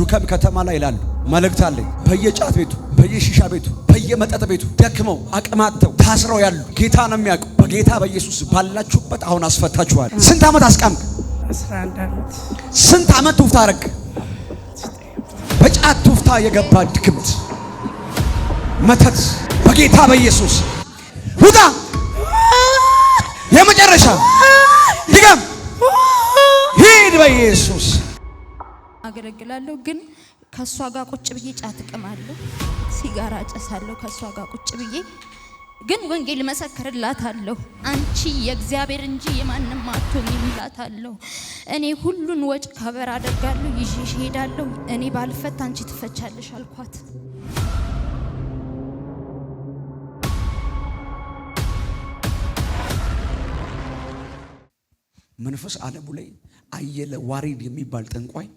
ዱከም ከተማ ላይ ይላሉ። መልእክት አለኝ። በየጫት ቤቱ፣ በየሺሻ ቤቱ፣ በየመጠጥ ቤቱ ደክመው አቅማተው ታስረው ያሉ ጌታ ነው የሚያውቁ። በጌታ በኢየሱስ ባላችሁበት አሁን አስፈታችኋል። ስንት ዓመት አስቀምቅ? ስንት ዓመት ቱፍታ አረግ? በጫት ቱፍታ የገባ ድክምት መተት በጌታ በኢየሱስ ውጣ። የመጨረሻ ድገም፣ ሂድ በኢየሱስ አገለግላለሁ። ግን ከእሷ ጋር ቁጭ ብዬ ጫት እቅማለሁ፣ ሲጋራ ጨሳለሁ። ከእሷ ጋር ቁጭ ብዬ ግን ወንጌል መሰክርላታለሁ። አንቺ የእግዚአብሔር እንጂ የማንም አትሆኝም እላታለሁ። እኔ ሁሉን ወጭ ከበር አደርጋለሁ፣ ይዤሽ እሄዳለሁ። እኔ ባልፈት አንቺ ትፈቻለሽ አልኳት። መንፈስ ዓለሙ ላይ አየለ ዋሪድ የሚባል ጠንቋይ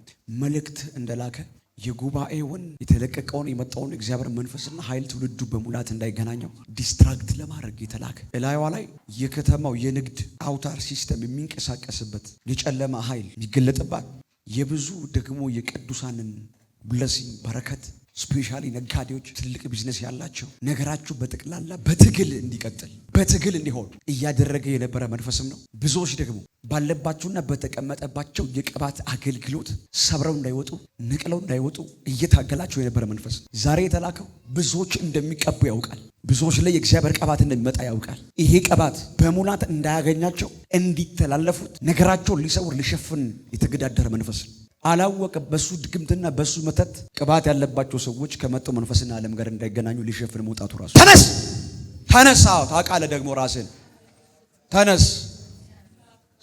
መልእክት እንደላከ የጉባኤውን የተለቀቀውን የመጣውን እግዚአብሔር መንፈስና ኃይል ትውልዱ በሙላት እንዳይገናኘው ዲስትራክት ለማድረግ የተላከ እላይዋ ላይ የከተማው የንግድ አውታር ሲስተም የሚንቀሳቀስበት የጨለማ ኃይል የሚገለጥባት የብዙ ደግሞ የቅዱሳንን ብለሲኝ በረከት ስፔሻሊ ነጋዴዎች፣ ትልቅ ቢዝነስ ያላቸው ነገራችሁ በጠቅላላ በትግል እንዲቀጥል በትግል እንዲሆን እያደረገ የነበረ መንፈስም ነው። ብዙዎች ደግሞ ባለባቸውና በተቀመጠባቸው የቅባት አገልግሎት ሰብረው እንዳይወጡ፣ ንቅለው እንዳይወጡ እየታገላቸው የነበረ መንፈስ ዛሬ የተላከው ብዙዎች እንደሚቀቡ ያውቃል። ብዙዎች ላይ የእግዚአብሔር ቅባት እንደሚመጣ ያውቃል። ይሄ ቅባት በሙላት እንዳያገኛቸው እንዲተላለፉት ነገራቸውን ሊሰውር ሊሸፍን የተገዳደረ መንፈስ ነው። አላወቀም። በሱ ድግምትና በሱ መተት ቅባት ያለባቸው ሰዎች ከመጡ መንፈስና ዓለም ጋር እንዳይገናኙ ሊሸፍን መውጣቱ ራሱ ተነስ ተነስ። ታውቃለህ ደግሞ ራስን ተነስ።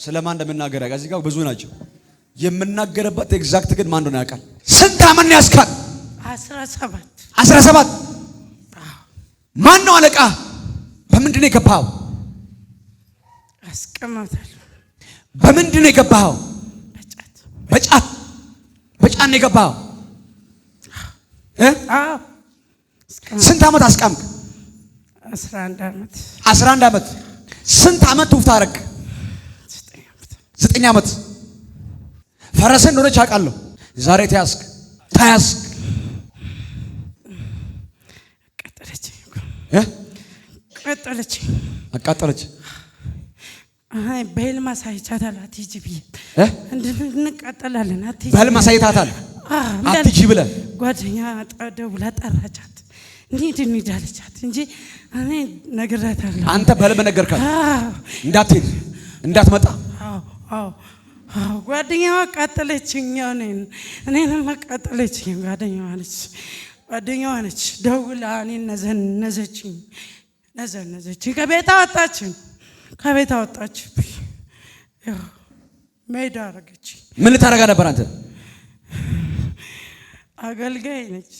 ስለማን እንደምናገር ያውቃል። እዚህ ጋር ብዙ ናቸው። የምናገርበት ኤግዛክት ግን ማን እንደሆነ ያውቃል። ስንት አመት ነው ያስካል? አስራ ሰባት ማን ነው አለቃ? በምንድን ነው የገባኸው? አስቀምጣለሁ። በምንድን ነው የገባኸው? በጫት በጫን የገባው ስንት ዓመት አስቃምክ? አስራ አንድ ዓመት ስንት ዓመት ትውፍት አረግ? ዘጠኝ ዓመት ፈረሰ እንደሆነች አውቃለሁ። ዛሬ ተያዝክ ተያዝክ። አቃጠለች አቃጠለች በህልም አሳይቻታል። አትሂጂ ብዬ እንቃጠላለን። በህልም አሳይታታል አትሂጂ ብለህ ጓደኛ ደውላ ጠራቻት። እንሂድ እንሂድ አለቻት እንጂ እኔ ነግራታለሁ። አንተ በህልም ነገርካት እንዳትሄድ እንዳትመጣ ጓደኛዋ አቃጠለችኝ። እኔን እኔንም አቃጠለችኝ። ጓደኛዋ ነች ጓደኛዋ ነች ደውላ እኔን ነዘነዘችኝ ነዘነዘችኝ። ከቤታ ወጣችኝ። ከቤት አወጣች፣ ሜዳ አረገች። ምን ልታረጋ ነበር አንተ? አገልጋይ ነች።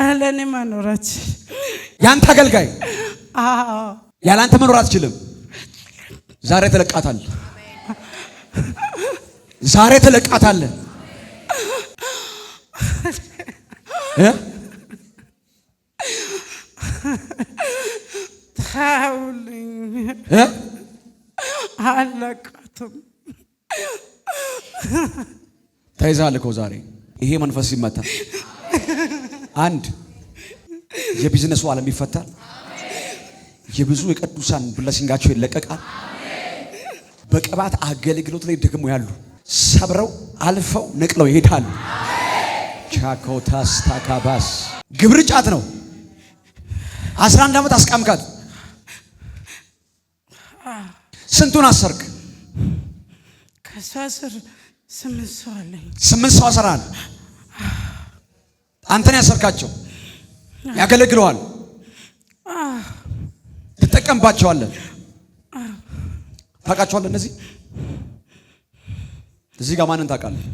ያለኔ ማኖራች ያንተ አገልጋይ ያለ አንተ መኖር አትችልም። ዛሬ ተለቃታል። ዛሬ ትለቃታል። ተውልኝ፣ አለቃትም ተይዛል እኮ ዛሬ ይሄ መንፈስ ይመታል። አንድ የቢዝነሱ ዓለም ይፈታል። የብዙ የቅዱሳን ብለሲንጋቸው ይለቀቃል። በቅባት አገልግሎት ላይ ደግሞ ያሉ ሰብረው አልፈው ነቅለው ይሄዳሉ። ቻኮታስ ታካባስ ግብር ጫት ነው። አስራ አንድ ዓመት አስቀምካት ስንቱን አሰርክ? ከእሷ ስር ስምንት ሰው አለኝ። ስምንት ሰው አሰራል። አንተን ያሰርካቸው ያገለግለዋል፣ ትጠቀምባቸዋለን። ታውቃቸዋለህ። እነዚህ እዚህ ጋር ማንን ታውቃለህ?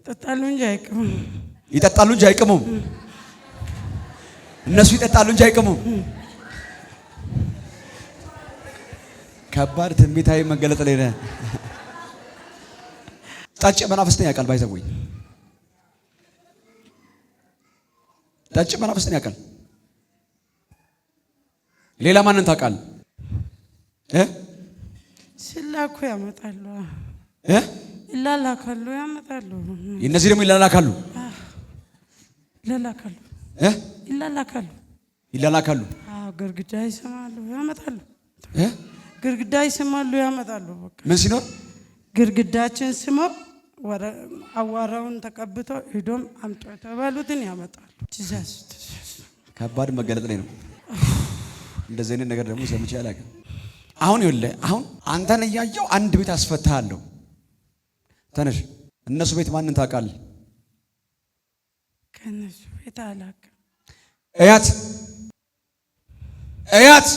ይጠጣሉ እንጂ አይቅሙም። ይጠጣሉ እንጂ አይቅሙም። እነሱ ይጠጣሉ እንጂ አይቅሙም። ከባድ ትንቢታዊ መገለጥ ላይ ነህ። ጠጭ መናፍስትን ያውቃል። ባይዘወኝ ጠጭ መናፍስትን ያውቃል። ሌላ ማንን ታውቃል? ሲላኩ ያመጣሉ፣ ይላላካሉ፣ ያመጣሉ። እነዚህ ደግሞ ይላላካሉ፣ ይላላካሉ ይላላካሉ ይላላካሉ። ግርግዳ ይስማሉ ያመጣሉ። ግርግዳ ይስማሉ ያመጣሉ። ምን ሲኖር ግርግዳችን ስመው አዋራውን ተቀብቶ ሂዶም አምጦ የተባሉትን ያመጣሉ። ከባድ መገለጥ ላይ ነው። እንደዚህ አይነት ነገር ደግሞ ሰምቼ አላውቅም። አሁን ይኸውልህ፣ አሁን አንተን እያየው አንድ ቤት አስፈታሃለሁ። ተነሽ። እነሱ ቤት ማንን ታውቃለህ? ከነሱ እያት እያት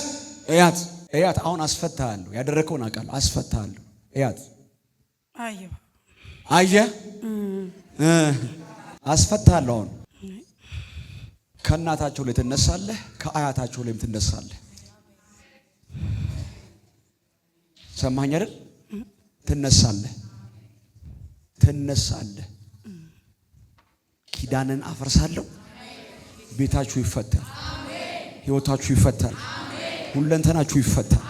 እያት እያት አሁን አስፈታሃለሁ። ያደረከውን አውቃለሁ። አስፈታሃለሁ። እያት አየህ፣ አስፈታሃለሁ። አሁን ከእናታቸው ላይ ትነሳለህ፣ ከአያታቸው ላይም ትነሳለህ። ሰማኝ አይደል? ትነሳለህ፣ ትነሳለህ ኪዳንን አፈርሳለሁ። ቤታችሁ ይፈታል፣ ህይወታችሁ ይፈታል፣ ሁለንተናችሁ ይፈታል።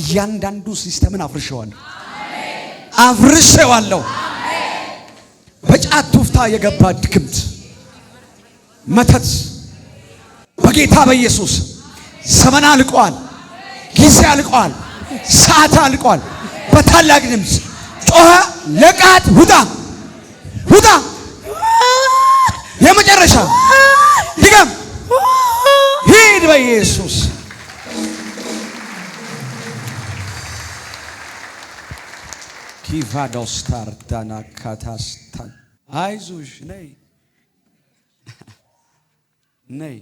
እያንዳንዱ ሲስተምን አፍርሸዋለሁ አፍርሸዋለሁ። በጫት ቱፍታ የገባ ድግምት፣ መተት በጌታ በኢየሱስ ዘመን አልቀዋል፣ ጊዜ አልቀዋል፣ ሰዓት አልቀዋል። በታላቅ ድምፅ ጮኸ፣ ለቃት፣ ውጣ፣ ውጣ የመጨረሻ ድገም። ሂድ በኢየሱስ ኪቫዶስታር ዳና ካታስታን አይዞሽ፣ ነይ ነይ፣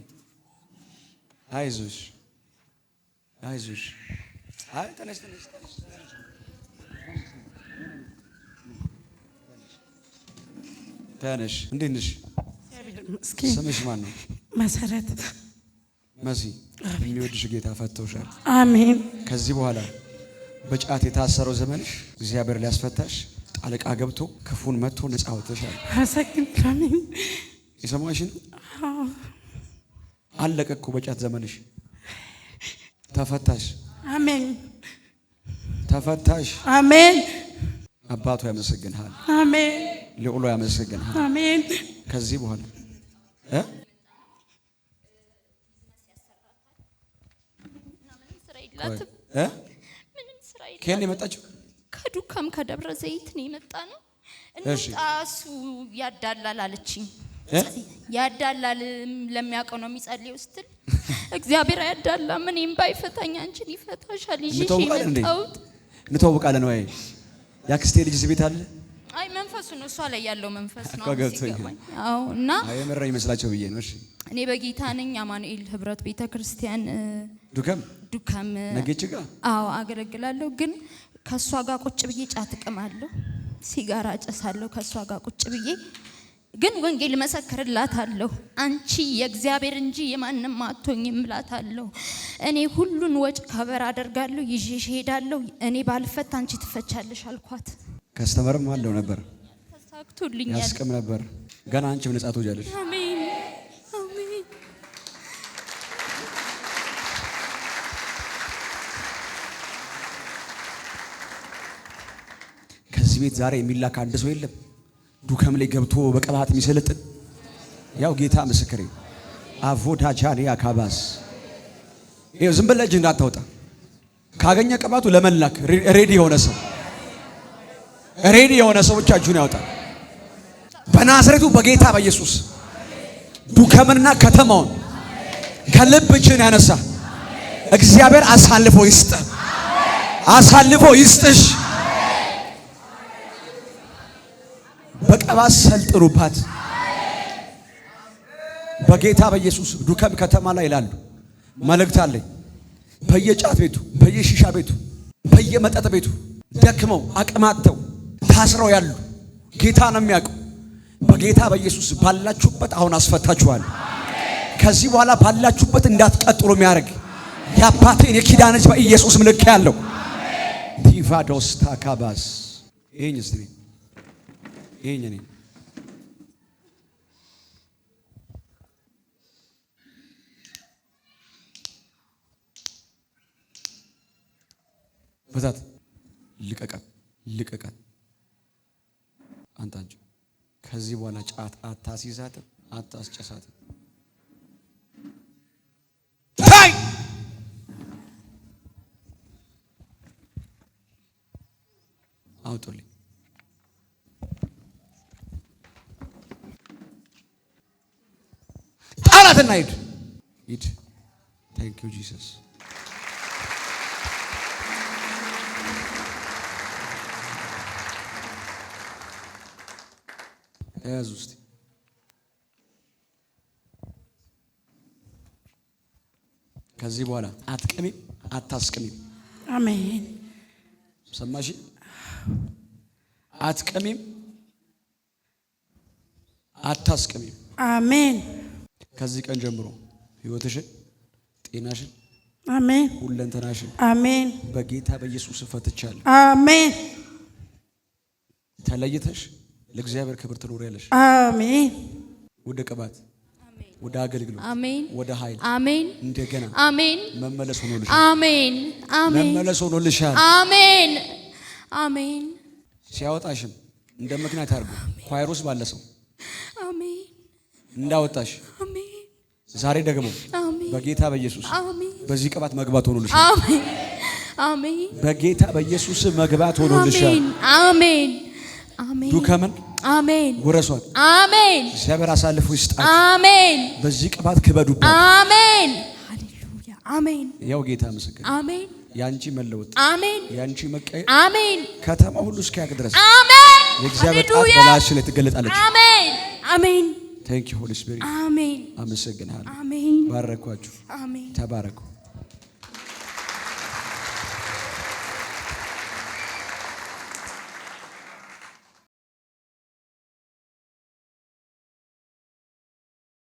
አይዞሽ አይዞሽ። አይ ተነሽ ተነሽ ተነሽ ተነሽ። እንዴት ነሽ? እስኪ ስምሽ ማን ነው? መሰረት መሲ። የሚወድሽ ጌታ ፈቶሻል። አሜን። ከዚህ በኋላ በጫት የታሰረው ዘመንሽ እግዚአብሔር ሊያስፈታሽ ጣልቃ ገብቶ ክፉን መጥቶ ነጻ ወጥተሻል። አሰግን አሜን። አለቀ እኮ በጫት ዘመንሽ ተፈታሽ። አሜን። ተፈታሽ። አሜን። አባቱ ያመሰግንሃል። አሜን። ልዑሉ ያመሰግንሃል። አሜን። ከዚህ በኋላ ከየት የመጣችው? ከዱካም ከደብረ ዘይት ነው የመጣ ነው። እንውጣ እሱ ያዳላል አለችኝ። ያዳላል ለሚያውቀው ነው የሚጸልየው ስትል እግዚአብሔር አያዳላም፣ እኔም ባይፈታኝ አንቺን ይፈታሻል። ይዤሽ የመጣሁት እንተዋወቃለን ወይ? የአክስቴ ልጅ ቤት አለ አይ መንፈሱ ነው፣ እሷ ላይ ያለው መንፈስ ነው ሲገባኝ። አዎ እና የምራ ይመስላቸው ብዬ ነው። እሺ እኔ በጌታ ነኝ አማኑኤል ህብረት ቤተ ክርስቲያን ዱከም ዱከም ነገች ጋ አዎ አገለግላለሁ። ግን ከእሷ ጋር ቁጭ ብዬ ጫት እቅማለሁ፣ ሲጋራ ጨሳለሁ ከእሷ ጋር ቁጭ ብዬ ግን ወንጌል መሰክርላታለሁ። አንቺ የእግዚአብሔር እንጂ የማንም አትሆኝም እላታለሁ። እኔ ሁሉን ወጭ ከበር አደርጋለሁ፣ ይዤሽ እሄዳለሁ። እኔ ባልፈት አንቺ ትፈቻለሽ አልኳት። ከስተመርም አለው ነበር ያስቅም ነበር። ገና አንቺም ነጻ ትወጃለሽ። ከዚህ ቤት ዛሬ የሚላክ አንድ ሰው የለም። ዱከም ላይ ገብቶ በቅባት የሚሰለጥን ያው ጌታ ምስክሬ አቮዳጃሌ አካባስ ይኸው ዝም ብለህ እጅ እንዳታወጣ ካገኘ ቅባቱ ለመላክ ሬዲ የሆነ ሰው ሬዲ የሆነ ሰዎች እጃችሁን ያወጣል። በናዝሬቱ በጌታ በኢየሱስ ዱከምንና ከተማውን ከልብ እጅን ያነሳ እግዚአብሔር አሳልፎ ይስጥ፣ አሳልፎ ይስጥሽ። በቀባት ሰልጥኑባት በጌታ በኢየሱስ ዱከም ከተማ ላይ ይላሉ። መልእክት አለኝ። በየጫት ቤቱ፣ በየሺሻ ቤቱ፣ በየመጠጥ ቤቱ ደክመው አቅማተው ታስረው ያሉ ጌታ ነው የሚያውቀው። በጌታ በኢየሱስ ባላችሁበት አሁን አስፈታችኋል። ከዚህ በኋላ ባላችሁበት እንዳትቀጥሉ የሚያደርግ የአባቴን የኪዳን በኢየሱስ ምልክ ያለው ዲቫዶስ ታካባስ ይሄኝ ስ ይሄኝ እኔ በዛት ልቀቀን ልቀቀን አንታጁ ከዚህ በኋላ ጫት አታስይዛትም፣ አታስጨሳትም። አውጡልኝ። ጣላትና ሂድ ሂድ። ዩ ጂሰስ ያዙ እስቲ ከዚህ በኋላ አትቀሚም፣ አታስቀሚም። አሜን። ሰማሽ? አትቀሚም፣ አታስቀሚም። አሜን። ከዚህ ቀን ጀምሮ ህይወትሽን፣ ጤናሽን፣ አሜን፣ ሁለንተናሽን፣ አሜን፣ በጌታ በኢየሱስ ፈትቻለሁ። አሜን። ተለይተሽ ለእግዚአብሔር ክብር ትኖር ያለሽ። አሜን። ወደ ቅባት ወደ አገልግሎት አሜን። ወደ ኃይል አሜን። እንደገና አሜን። መመለስ ሆኖልሽ አሜን። አሜን። መመለስ ሆኖልሻል። አሜን። አሜን። ሲያወጣሽም እንደ ምክንያት አድርጎ ኳይሮስ ባለ ሰው አሜን እንዳወጣሽ አሜን። ዛሬ ደግሞ በጌታ በኢየሱስ በዚህ ቅባት መግባት ሆኖልሻል። አሜን። አሜን። በጌታ በኢየሱስ መግባት ሆኖልሻል። አሜን። ዱከምን አሜን ውረሷል። አሜን እግዚአብሔር አሳልፎ ይስጣችሁ። አሜን በዚህ ቅባት ክበዱባት። አሜን ሃሌሉያ አሜን። ያው ጌታ ምስክር አሜን። ያንቺ መለወጥ አሜን። ያንቺ መቀየር አሜን። ከተማ ሁሉ እስኪ ያቅ ድረስ አሜን። የእግዚአብሔር ጣት በላያችሁ ላይ ትገለጣለች። አሜን አሜን። ቴንክ ዩ ሆሊ ስፒሪት አሜን። አመሰግናለሁ። አሜን። ባረኳችሁ። አሜን። ተባረኩ።